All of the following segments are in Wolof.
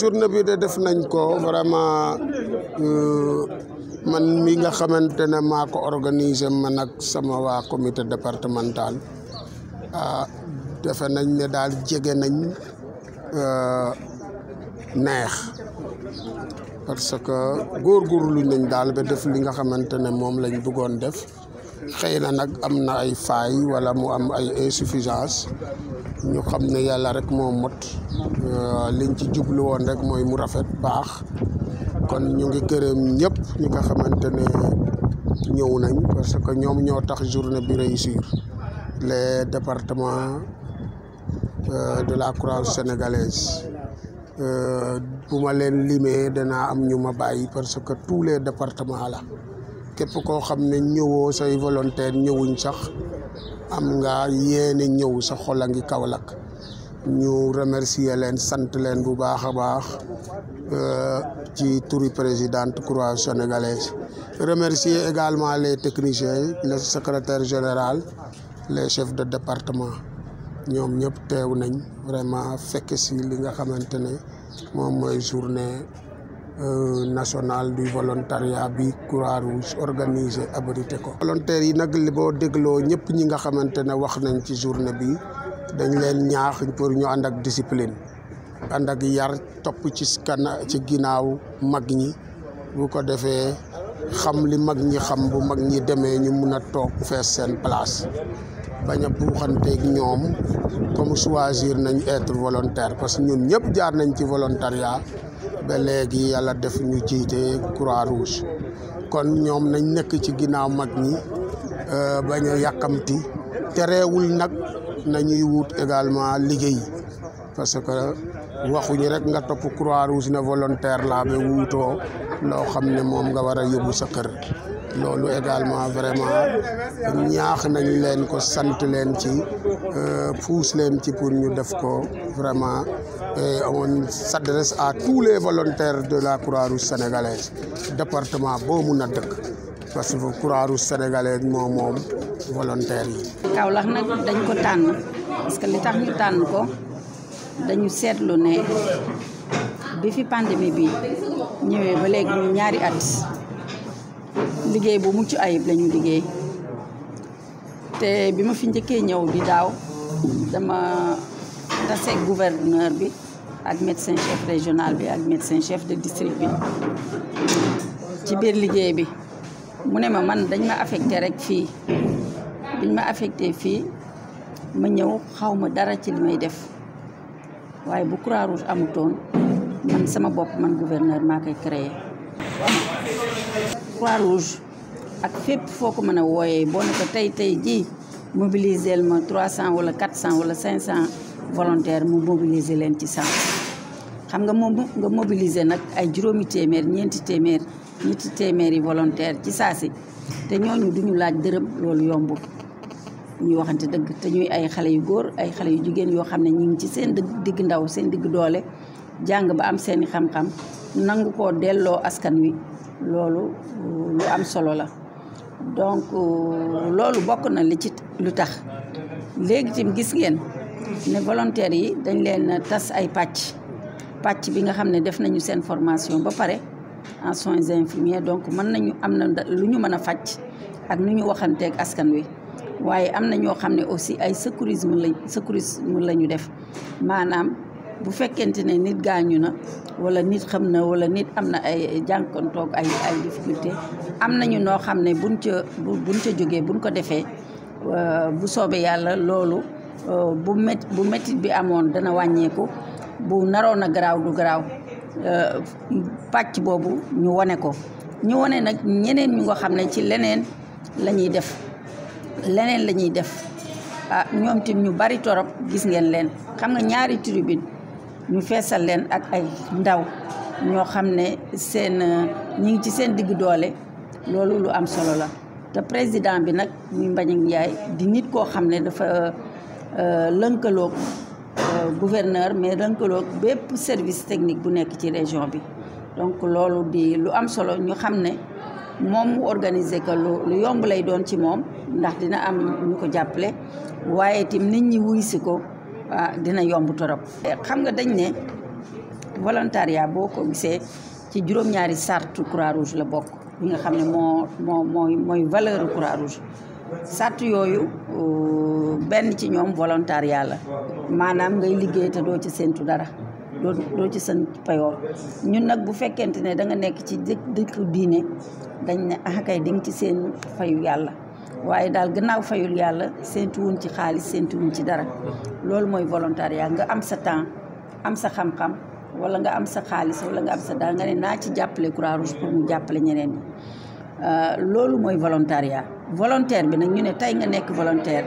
tournée bi de def nañ ko vraiment euh, man mi nga xamante ne maa ko organisé man ak sama waa comité départemental ah defe nañ ne daal jege nañ euh, neex parce que góorgóorlu nañ daal ba def li nga xamante ne moom lañ bëggoon def. xëy na nag am na ay failles wala mu am ay insuffisance ñu xam ne yàlla rek moo mot euh, liñ ci jublu woon rek mooy mu rafet baax kon ñu ngi gërëm ñëpp ñu nga xamante ne ñëw nañ parce que ñoom ñoo tax journée bi réussir les départements euh, de la Croix-Rouge sénégalaise euh, bu ma leen limee danaa am ñu ma bàyyi parce que tous les départements la képp koo xam ne ñëwoo say volontaire ñëwuñ sax am nga yéene ñëw sa xol a ngi Kaolack ñu remercier leen sant leen bu baax a baax euh, ci turi présidente croix sénégalaise remercier également les techniciens le secrétaire général les chefs de département ñoom ñëpp teew nañ vraiment fekk si li nga xamante ne moom mooy journée Euh, national du volontariat bi Croix-Rouge organisé abrité ko. volontaires yi nag li boo dégloo ñëpp ñi nga xamante ne wax nañ ci journée bi dañ leen ñaax pour ñu ànd ak discipline ànd ak yar topp ci kana ci ginnaaw mag ñi bu ko defee xam li mag ñi xam bu mag ñi demee ñu mun a toog fees seen place bañ a buuxanteeg ñoom comme choisir nañ être volontaire parce que ñun ñëpp jaar nañ ci volontariat. ba léegi yàlla def ñu jiite croix rouge kon ñoom nañ nekk ci ginnaaw mag ñi euh, bañ a yàkkamti tereewul nag nañuy wut également liggéey parce que waxuñu rek nga topp croix rouge ne volontaire laa ba wuutoo loo xam ne moom nga war a yóbbu sa kër loolu également vraiment ñaax nañ leen ko sant leen ci euh, puus leen ci pour ñu def ko vraiment et euh, on s'adresse à tous les volontaires de la Croix-Rouge sénégalaise département boo mun a dëkk parce que Croix-Rouge sénégalaise moom moom volontaire yi. Kaolack nag dañ ko tànn parce li tax ñu tànn ko dañu seetlu ne bi fi pandémie bi ñëwee ba léegi ñu ñaari at liggéey bu mucc ayib la ñu liggéey te bi ma fi njëkkee ñëw di daaw dama. taseeg gouverneur bi ak médecin chef régional bi ak médecin chef de district bi ci biir liggéey bi mu ne ma man dañ ma affecté rek fii biñ ma affecté fii ma ñëw xaw ma dara ci li may def waaye bu croix amutoon man sama bopp man gouverneur maa koy créé croix rouge ak fépp foo ko mën a wooyee boo ne ko tey tey jii mobiliser ma 300 wala 400 wala 500 volontaire mu mobiliser leen ci sens xam nga moom nga nag ay juróomi téeméer ñeenti téeméer ñetti téeméer yi volontaire ci saasi te ñooñu duñu laaj dërëm loolu yombul ñuy waxante dëgg te ñuy ay xale yu góor ay xale yu jigéen yoo xam ne ñu ngi ci seen digg ndaw seen digg doole jàng ba am seeni xam-xam nangu ko delloo askan wi loolu lu am solo la donc loolu bokk na li ci lu tax léegi tim gis ngeen ne volontaires yi dañ leen tas ay pàcc pàcc bi nga xam ne def nañu seen formation ba pare en soins infirmiers donc mën nañu am na lu ñu mën a faj ak nu ñu waxanteeg askan wi waaye am na ñoo xam ne aussi ay secourisme lañ secourisme la ñu def maanaam bu fekkente ne nit gaañu na wala nit xam na wala nit am na ay jànkontoog ay ay difficulté am nañu noo xam ne buñ ca buñ ca jógee buñ ko defee euh, bu soobee yàlla loolu Euh, bu mét bi amoon dana wàññeeku bu naroon a garaaw du garaaw euh, pàcc boobu ñu wane ko ñu wane nag ñeneen ñu nga xam ne ci leneen la ñuy def leneen la ñuy def ah ñoom tim ñu bari torop gis ngeen leen xam nga ñaari tribune ñu feesal leen ak ay ndaw ñoo xam ne seen ñi ngi ci seen digg doole loolu lu am solo la te président bi nag muy Mbagnick Ndiaye di nit koo xam ne dafa Euh, lënkaloog euh, gouverneur mais lënkaloog bépp service technique bu nekk ci région bi donc loolu di lu am solo ñu xam ne moom mu organiser que lu yomb lay doon ci moom ndax dina am ñu ko jàppale waaye tim nit ñi wuy si ko ah, dina yomb torop xam nga dañ ne volontariat boo ko gisee ci juróom-ñaari sartu Croix-Rouge la bokk bi nga xam ne moo moo mooy mooy valeur rouge sart yooyu euh, benn ci ñoom volontariat yàlla maanaam ngay liggéey te doo ci séntu dara doo ci seen payoor ñun nag bu fekkente ne da nga nekk ci dëkk dëkku diine dañ ne ah kay di nga ci seen fayu yàlla waaye daal gannaaw fayul yàlla séntuwuñ ci xaalis séntuwuñ ci dara loolu mooy volontariat nga am sa temps am sa xam-xam wala nga am sa xaalis wala nga am sa daal nga ne naa ci jàppale Croix-Rouge pour mu jàppale ñeneen yi Euh, loolu mooy volontariat volontaire bi nag ñu ne tey nga nekk volontaire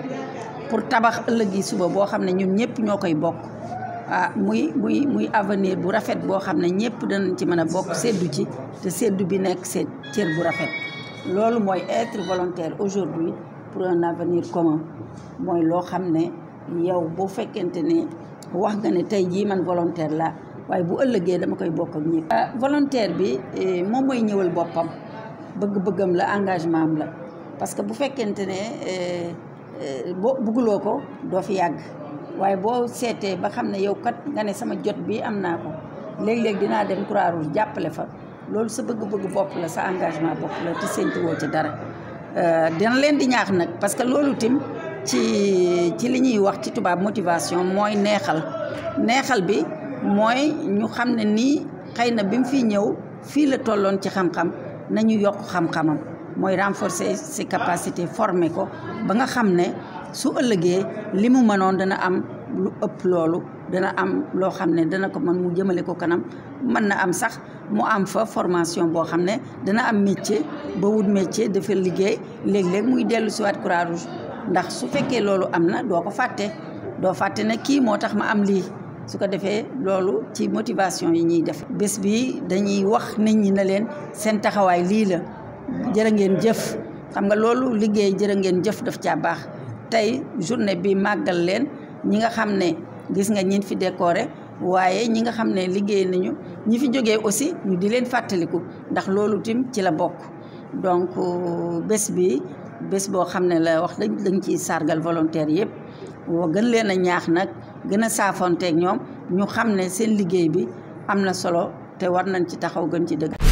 pour tabax ëllëg yi suba boo xam ne ñun ñëpp ñoo koy bokk ah muy muy muy avenir bu rafet boo xam ne ñëpp danañ ci mën a bokk seddu ci te seddu bi nekk seen cër bu rafet loolu mooy être volontaire aujourd'hui pour un avenir commun mooy loo xam ne yow boo fekkente ne wax nga ne tey jii man volontaire la waaye bu ëllëgee dama koy bokk ak ñëpp ah, volontaire bi eh, moom mooy ñëwal boppam bëgg-bëggam la engagement am la parce que bu fekkente ne euh, euh, boo bëgguloo ko doo fi yàgg waaye boo seetee ba xam ne yow kat nga ne sama jot bi am naa ko léeg-léeg dinaa dem Croix jàppale fa loolu sa bëgg-bëgg bopp la sa engagement bopp la te séntu woo ci dara euh, dina leen di ñaax nag parce que loolu tim ci ci li ñuy wax ci tubaab motivation mooy neexal neexal bi mooy ñu xam ne nii xëy na bi mu fi ñëw fii la tolloon ci xam-xam nañu yokk xam-xamam mooy renforcer si capacité former ko ba nga xam ne su ëllëgee li mu mënoon dana am lu ëpp loolu dana am loo xam ne dana ko mën mu jëmale ko kanam mën na am sax mu am fa formation boo xam ne dana am métier ba wut métier dafa liggéey léeg-léeg muy dellu si waat croix ndax su fekkee loolu am na doo ko fàtte doo fàtte ne kii moo tax ma am lii su ko defee loolu ci motivation yi ñuy def bés bi dañuy wax nit ñi na leen seen taxawaay lii la jërë ngeen jëf xam nga loolu liggéey jërë ngeen jëf daf caa baax tey journée bi màggal leen ñi nga xam ne gis nga ñin fi dekoore waaye ñi nga xam ne liggéey nañu ñi fi jógee aussi ñu di leen fàttaliku ndax loolu tim ci la bokk donc euh, bés bi bés boo xam ne la wax lañ dañ ciy sargal volontaire yëpp woo gën leen a ñaax nag gën a saafonteeg ñoom ñu xam ne seen liggéey bi am na solo te war nañ ci taxaw gën ci dëgg